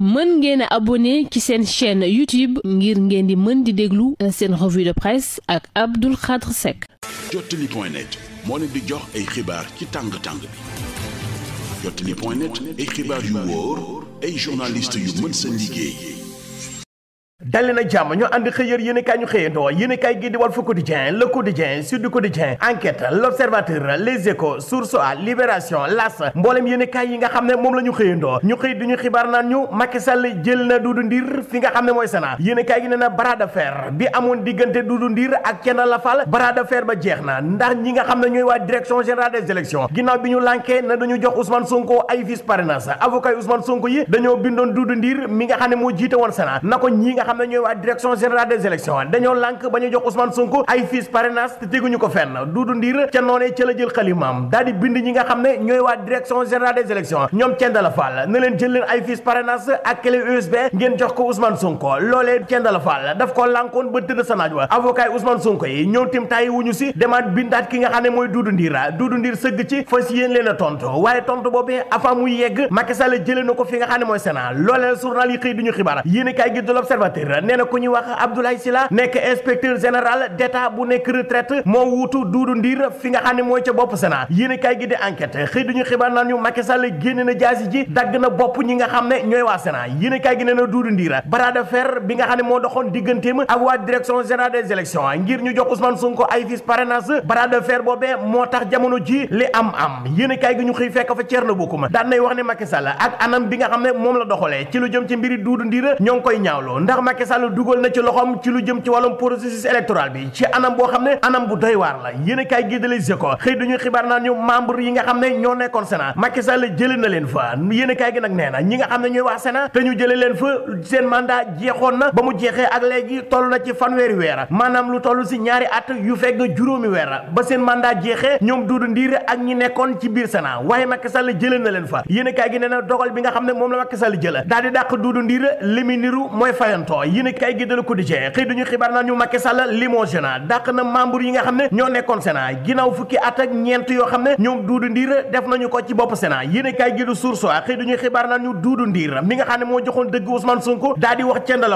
mën ngeen a ci seen chaîne YouTube ngir ngeen di mën di déglu euh, seen revue de presse ak Abdou Khadre Seck. Jotali point net moo leen di jox ay xibaar ci tàng tàng bi dali na jàmm ñoo àndi xëyër yéen i kaay ñu xëyandoo yéen i kaay gi di Walf Quotidien Le Quotidien Enquête L'Observateur Les Échos Source A Libération L'As mboolem yéen yi nga xam ne moom la ñu xëyandoo ñu xëy di ñu xibaar naan ñu Macky Sall jël na Doudou Ndir fi nga xam ne mooy Sénat yéen i kaay gi nee na bras de fer bi amoon diggante Doudou Ndir ak Thiénaba Lalla Fall bras de fer ba jeex na ndax ñi nga xam ne ñooy waa direction générale des élections ginnaaw bi ñu lànkee na dañu jox Ousmane Sonko ay vice parrainage avocat Ousmane Sonko yi dañoo bindoon Doudou Ndir mi nga xam moo jiite woon Sénat na ne ñooy waa direction générale des élections dañoo lànk ba ñu jox Ousmane Sonko ay fiches parrainage te teguñu ko fenn Doudou Ndir ca noonee ca la jël xalimaam daal bind ñi nga xam ne ñooy waa direction générale des élections ñoom Thiendella Fall ne leen jël leen ay fiches parrainage ak clé ñoom tim taay ne mooy Doudou leen a tontu waaye tontu boobu avant muy yegg Macky Sall jëlee ko fi nga xam ne mooy Sénat loolee yi xëy duñu xibaar yéen kaay gi de l'Observateur Kër nee na ku ñuy wax Abdoulaye Sylla nekk inspecteur général d'état bu nekk retraite moo wuutu Doudou Ndir fi nga xam ne mooy ca bopp Sénat yéen kay gi di enquête xëy duñu xibaar naan ñu Macky Sall génn na jaasi ji dagg na bopp ñi nga xam ne ñooy waa Sénat yéen kay gi nee na Doudou Ndir bras de fer bi nga xam ne moo doxoon digganteem ak waa direction générale des élections ngir ñu jox Ousmane Sonko ay fils parrainage bras de fer boobee moo tax jamono ji li am am yéen kay gi ñu xëy fekk fa na Bocoum daan nay wax ne Macky Sall ak bi nga xam ne moom la doxalee ci lu jëm ci mbiri Doudou Ndir ñoo ngi koy ñaawloo Macky Sall dugal na ci loxoom ci lu jëm ci wàllum processus électoral bi ci anam boo xam ne anam bu doy waar la yéen gi de Les Échos xëy dañu xibaar membre yi nga xam ne ñoo nekkoon Sénat Macky Sall jëlee na leen fa yéen a kaay gi nag nee na ñi nga xam ne ñooy wax jëlee leen fa seen mandat na ba mu jeexee ak léegi toll na ci fanweeri weer maanaam lu toll si ñaari at yu fekk juróomi weer ba seen mandat jeexee ñoom Doudou ndiir ak ñi nekkoon ci biir Sénat waaye Macky Sall jëlee na leen fa yéen a kaay gi nee na dogal bi nga xam ne moom la Macky Sall jëlee daal di dàq Doudou Ndir limi niru mooy fayantoo yéen kay gi de na dàq na membre yi nga ne ñoo nekkoon Sénat ginnaaw fukki at ak ñeent ko ci bopp Sénat A xëy duñu xibaar naan ñu Doudou Ndir mi nga xam ne moo joxoon dëgg Ousmane na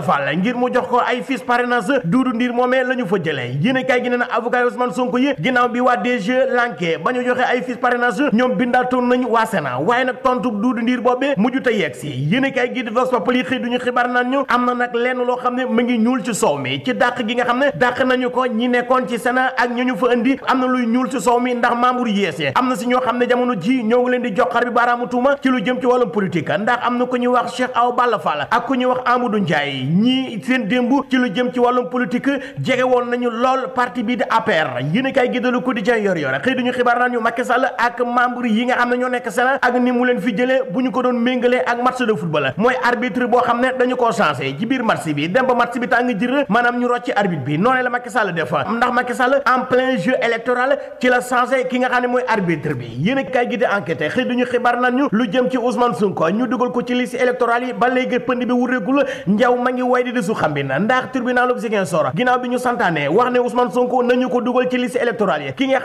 avocat yi Ousmane Sonko yi ginnaaw bi waa DG lanké ba ñu joxe ay fiches parrainage ñoom bindaatoon nañu waa Sénat waaye nag tontu Doudou Ndir boobee mujju ta yeeg kay gi di Vox Populi xëy duñu xibaar naan am na nag lenn loo xam ne mu ngi ñuul ci soow mi ci dàq gi nga xam ne dàq nañu ko ñi nekkoon ci Sénat ak ñu ñu fa indi am na luy ñuul ci soow mi ndax membre yees am na si ñoo xam ne jamono ji ñoo ngi leen di joxar bi baaraamu ci lu jëm ci wàllum politique ndax am na ku ñu wax Cheikh Aw Balla Fall ak ku ñu wax Amadou Ndiaye ñii seen démb ci lu jëm ci wàllum politique jege woon nañu lool parti bii di APR yéen a kaay gi dalu quotidien yor yor xëy duñu xibaar naan ñu Macky Sall ak membre yi nga xam ne nekk Sénat ak ni mu leen fi jëlee bu ñu ko doon méngalee ak match de football mooy boo xam ne dañu koo changé ci biir match bi dem ba match bi tàng jër maanaam ñu rocci arbitre bi noonee la Macky Sall def ndax Macky Sall en plein jeu électoral ci la changé ki nga xam ne mooy arbitre bi yéen a kaay gi di enquête xibaar nan lu jëm ci Ousmane Sonko ñu dugal ko ci liste électorale yi ba léegi pënd bi wuréegul njaw ma ngi way di di xam bi na ndax tribunalu Ziguinchor ginnaaw bi ñu santaane wax ne Ousmane Sonko nañu ko dugal ci liste électorale yi ki nga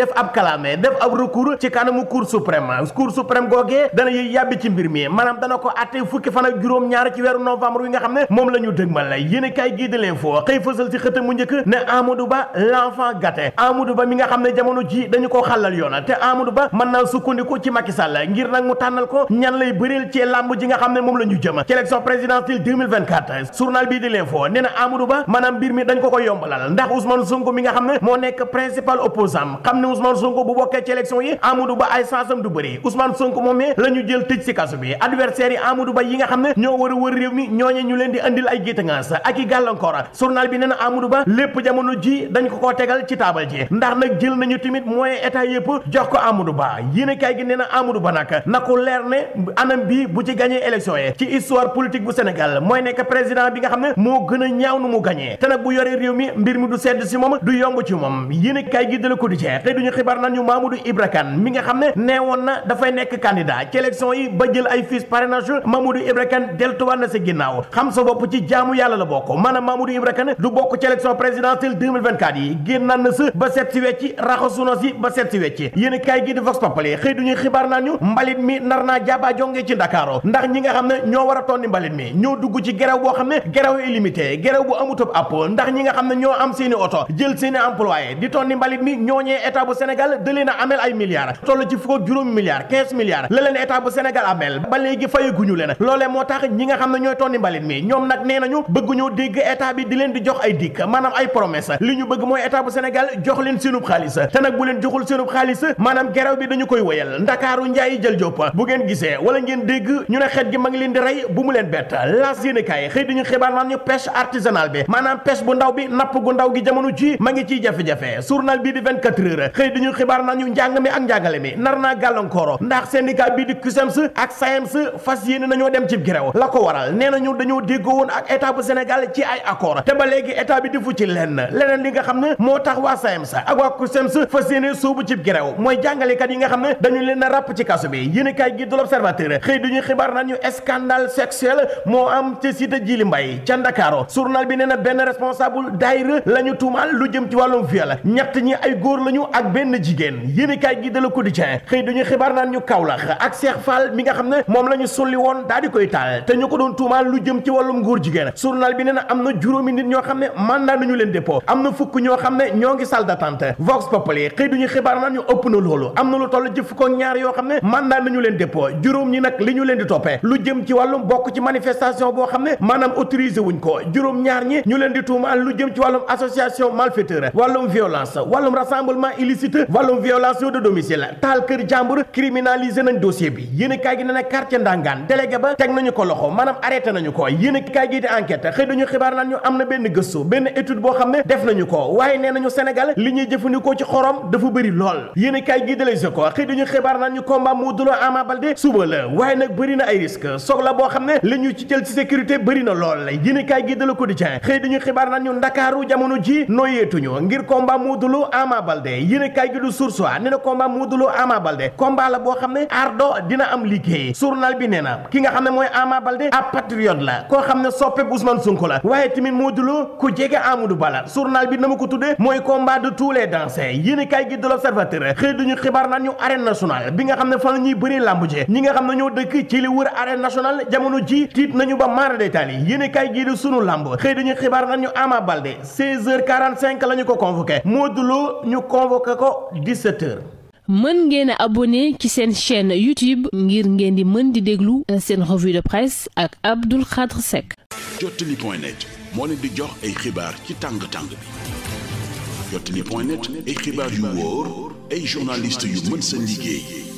def ab kalaame def ab recours ci kanamu cour suprême cour suprême googee dana yëy yàbbi ci mbir mi maanaam dana ko àtte fukki fan juróom ñaar ci weeru novembre wi nga xam ne moom la ñu dëgmal yéen a kaay gii de l'info xëy fësal ci xëtam mu njëkk ne Amadou Ba l'enfant gâté Amadou Ba mi nga xam ne jamono ji dañu koo xàllal yoona te Amadou Ba mën naa sukkandiku ci Macky Sall ngir nag mu tànnal ko ñan lay bëreel ci làmb ji nga xam ne moom la ñu jëm ci moo nekk principal xam ne Ousmane Sonko bu bokkee ay sansam du bëri Ousmane Sonko moom mee la ñu jël tëj si kaso bi adversaire yi Amadou Ba yi nga xam ne ñoo war a wër réew mi ñooñe ñu leen di andil ay géttangaas ak i gàllankoor journal bi nee na Amadou Ba lépp jamono ji dañ ko koo tegal ci taabal ji ndax nag jël nañu tamit moyen état yëpp jox ko Amadou Ba yéene kaay gi nee na Amadou Ba nag na ko leer ne anam bi bu ci gagné élection yi ci histoire politique bu Sénégal mooy nekk président bi nga xam ne moo gën a ñaaw nu mu gagné te réew mi mbir mi du sedd si moom yomb ci moom yéene kaay gi de la ko xëy duñu xibaar naan ñu Mamadou Ibra Kane mi xam ne neewoon na dafay nekk candidat ci élection la bokk maanaam Mamadou Ibra Kane du bokk ci élection présidentielle 2024 yi génnaan na sa ba set si wecci gi di Vox Populi xëy duñu xibaar naan ñu mbalit mi nar naa jaaba jonge ci ndakaaroo ndax ñi nga xam ne ñoo war a tonni mbalit mi ñoo dugg ci gerew boo xam ne gerew illimité gerew bu amutub app ndax ñi nga xam ne ñoo am seeni oto jël seeni employé di tonni mbalit mi ñooñee état état bu Sénégal da leen a amel ay milliards toll ci fukk ak bu leen loolee seenub xaalis te nag bu leen joxul seenub xaalis maanaam gerew bi dañu koy wëyal ndakaaru njaayi jël jopp bu ngeen gisee wala ngeen dégg ñu ne xet gi ma ngi leen di rey bu mu leen bett laas yéene xëy diñu xibaar naan ñu pêche artisanale bi maanaam pêche bu ndaw bi napp gu ndaw gi jamono ji ma ciy jafe-jafe journal bii di xëy di ñu xibaar naan ñu njàng mi ak njàngale mi nar naa gàllankooro ndax syndicat bii di CUSEMS ak SAEMS fas yéene nañoo dem ci grève la ko waral nee nañu dañoo déggoo woon ak état bu Sénégal ci ay accord te ba léegi état bi defu ci lenn leneen li nga xam ne moo tax waa SAEMS ak waa CUSEMS fas yéene soobu ci grève mooy jàngalekat yi nga xam ne dañu leen a ràpp ci kaso bi yéen kaay gi de l'Observateur xëy di ñuy xibaar naan ñu scandale sexuel moo am ci cité Djily Mbaye ca Ndakaaru journal bi nee na benn responsable daayira la ñu tuumaal lu jëm ci wàllum viol ñett ñi ay góor lañu ak benn jigéen yéenekaay gi de la Quotidien xëy dañu xibaar naan ñu Kaolack ak Cheikh Fall mi nga xam ne moom la ñu sulli woon daal di koy taal te ñu ko doon tuumaal lu jëm ci wàllum nguur jigéen journal bi nee na am na juróomi nit ñoo xam ne mandat nañu leen dépôt am na fukk ñoo xam ne ñoo ngi salle d'attente Vox Populi xëy duñu xibaar naan ñu ëpp na loolu am na lu toll ci fukk ak ñaar yoo xam ne mandat nañu leen déppo juróom ñi nag li ñu leen di toppee lu jëm ci wàllum bokk ci manifestation boo xam ne maanaam autorisé wuñ ko juróom ñaar ñi ñu leen di tuumaal lu jëm ci wàllum association malfaiteur wàllum violence illicite wàllum violation de domicile taal kër jàmbur criminalisé nañ dossier bi yéen kaay gi ne na quartier Ndangaan délégué ba teg nañu ko loxo maanaam arrêté nañu ko yéen kaay gi di enquête xëy dañu xibaar naan nañu ko waaye nee nañu Sénégal li ñuy jëfandikoo ci xorom dafa bëri lool yéen kaay gi de Les ñu combat Modou Lo Ama Baldé suba la waaye nag bëri na ay risque soog la boo xam ne li ñu ci jël ci sécurité bëri na lool yéen kaay gi de Le Quotidien xëy dañu xibaar naan ñu Ndakaaru jamono ji nooyeetuñu ngir combat Modou Lo Ama yéene kaay gi du source wa ne na combat Modou Lo Ama Baldé la boo xam ne ardo dina am liggéey journal bi nee ki nga xam ne mooy Ama Baldé ab patriote la koo xam ne soppeb Ousmane Sonko la waaye tamit Modou Lo ku jege Amadou Ba la bi na ma ko tuddee mooy combat de tous les danseurs yéene kaay gi de l'Observateur xëy duñu xibaar naan ñu arène nationale bi nga xam ne fan ñuy bëri làmb ji ñi nga xam ne ñoo dëkk ci li wër arène nationale jamono ji ko 17 mën ngeen a ci seen chaîne YouTube ngir ngeen di mën di déglu euh, seen revue de presse ak Abdou Khadre Seck. Jotali point net moo leen di jox ay xibaar ci tàng tàng bi